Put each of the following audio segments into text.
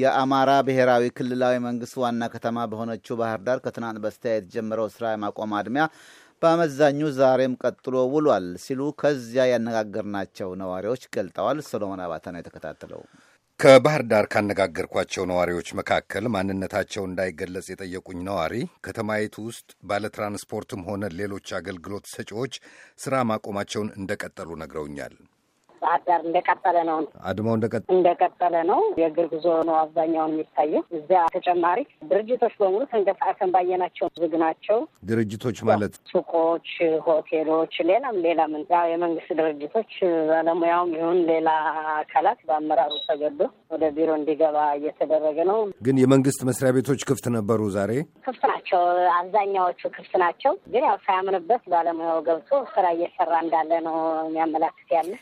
የአማራ ብሔራዊ ክልላዊ መንግስት ዋና ከተማ በሆነችው ባህር ዳር ከትናንት በስቲያ የተጀመረው ስራ የማቆም አድሚያ በአመዛኙ ዛሬም ቀጥሎ ውሏል ሲሉ ከዚያ ያነጋገርናቸው ነዋሪዎች ገልጠዋል። ሰሎሞን አባተ ነው የተከታተለው። ከባህር ዳር ካነጋገርኳቸው ነዋሪዎች መካከል ማንነታቸው እንዳይገለጽ የጠየቁኝ ነዋሪ ከተማይቱ ውስጥ ባለትራንስፖርትም ሆነ ሌሎች አገልግሎት ሰጪዎች ስራ ማቆማቸውን እንደቀጠሉ ነግረውኛል። ባህር ዳር እንደቀጠለ ነው። አድማው እንደቀጠለ ነው። የእግር ጉዞ ነው አብዛኛውን የሚታየው። እዚያ ተጨማሪ ድርጅቶች በሙሉ ተንቀሳቀሰን ባየናቸው ዝግ ናቸው። ድርጅቶች ማለት ሱቆች፣ ሆቴሎች፣ ሌላም ሌላም የመንግስት ድርጅቶች ባለሙያውም ይሁን ሌላ አካላት በአመራሩ ተገዶ ወደ ቢሮ እንዲገባ እየተደረገ ነው። ግን የመንግስት መስሪያ ቤቶች ክፍት ነበሩ። ዛሬ ክፍት ናቸው። አብዛኛዎቹ ክፍት ናቸው። ግን ያው ሳያምንበት ባለሙያው ገብቶ ስራ እየሰራ እንዳለ ነው የሚያመላክት ያለ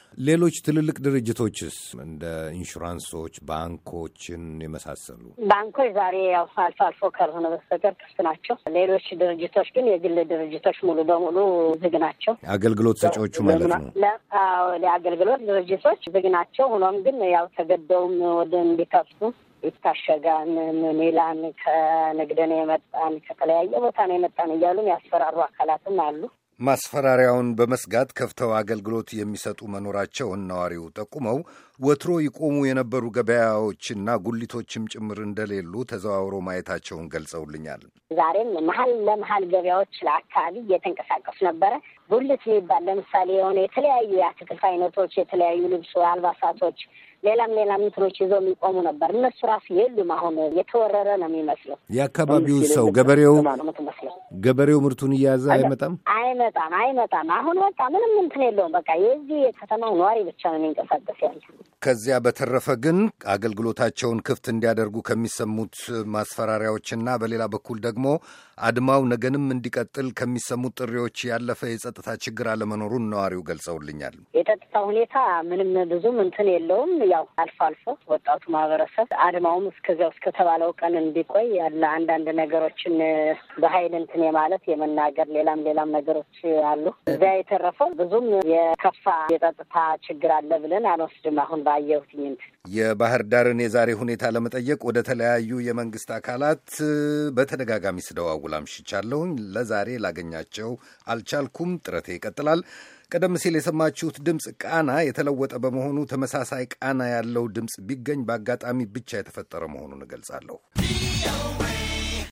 ሌሎች ትልልቅ ድርጅቶችስ እንደ ኢንሹራንሶች፣ ባንኮችን የመሳሰሉ ባንኮች ዛሬ ያው አልፎ አልፎ ካልሆነ በስተቀር ክፍት ናቸው። ሌሎች ድርጅቶች ግን የግል ድርጅቶች ሙሉ በሙሉ ዝግ ናቸው። አገልግሎት ሰጪዎቹ ማለት ነው። የአገልግሎት ድርጅቶች ዝግ ናቸው። ሆኖም ግን ያው ተገደውም ወደ እንዲከፍቱ ይታሸጋን ሜላን ከንግድ የመጣን ከተለያየ ቦታ ነው የመጣን እያሉም ያስፈራሩ አካላትም አሉ። ማስፈራሪያውን በመስጋት ከፍተው አገልግሎት የሚሰጡ መኖራቸውን ነዋሪው ጠቁመው ወትሮ ይቆሙ የነበሩ ገበያዎችና ጉሊቶችም ጭምር እንደሌሉ ተዘዋውሮ ማየታቸውን ገልጸውልኛል። ዛሬም መሀል ለመሀል ገበያዎች ለአካባቢ እየተንቀሳቀሱ ነበረ። ጉልት የሚባል ለምሳሌ የሆነ የተለያዩ የአትክልት አይነቶች፣ የተለያዩ ልብሶ አልባሳቶች፣ ሌላም ሌላ እንትኖች ይዘው የሚቆሙ ነበር። እነሱ ራሱ የሉም። አሁን የተወረረ ነው የሚመስለው። የአካባቢው ሰው ገበሬው ገበሬው ምርቱን እያያዘ አይመጣም አይመጣም አይመጣም። አሁን በቃ ምንም እንትን የለውም። በቃ የዚህ የከተማው ነዋሪ ብቻ ነው የሚንቀሳቀስ ያለ ከዚያ በተረፈ ግን አገልግሎታቸውን ክፍት እንዲያደርጉ ከሚሰሙት ማስፈራሪያዎችና በሌላ በኩል ደግሞ አድማው ነገንም እንዲቀጥል ከሚሰሙት ጥሪዎች ያለፈ የጸጥታ ችግር አለመኖሩን ነዋሪው ገልጸውልኛል። የጸጥታ ሁኔታ ምንም ብዙም እንትን የለውም። ያው አልፎ አልፎ ወጣቱ ማህበረሰብ አድማውም እስከዚያው እስከተባለው ቀን እንዲቆይ ያለ አንዳንድ ነገሮችን በኃይል እንትን የማለት የመናገር ሌላም ሌላም ነገሮች አሉ። እዚያ የተረፈው ብዙም የከፋ የጸጥታ ችግር አለ ብለን አንወስድም አሁን አየሁትኝ የባህር ዳርን የዛሬ ሁኔታ ለመጠየቅ ወደ ተለያዩ የመንግስት አካላት በተደጋጋሚ ስደዋውል አምሽቻለሁኝ። ለዛሬ ላገኛቸው አልቻልኩም። ጥረቴ ይቀጥላል። ቀደም ሲል የሰማችሁት ድምፅ ቃና የተለወጠ በመሆኑ ተመሳሳይ ቃና ያለው ድምፅ ቢገኝ በአጋጣሚ ብቻ የተፈጠረ መሆኑን እገልጻለሁ።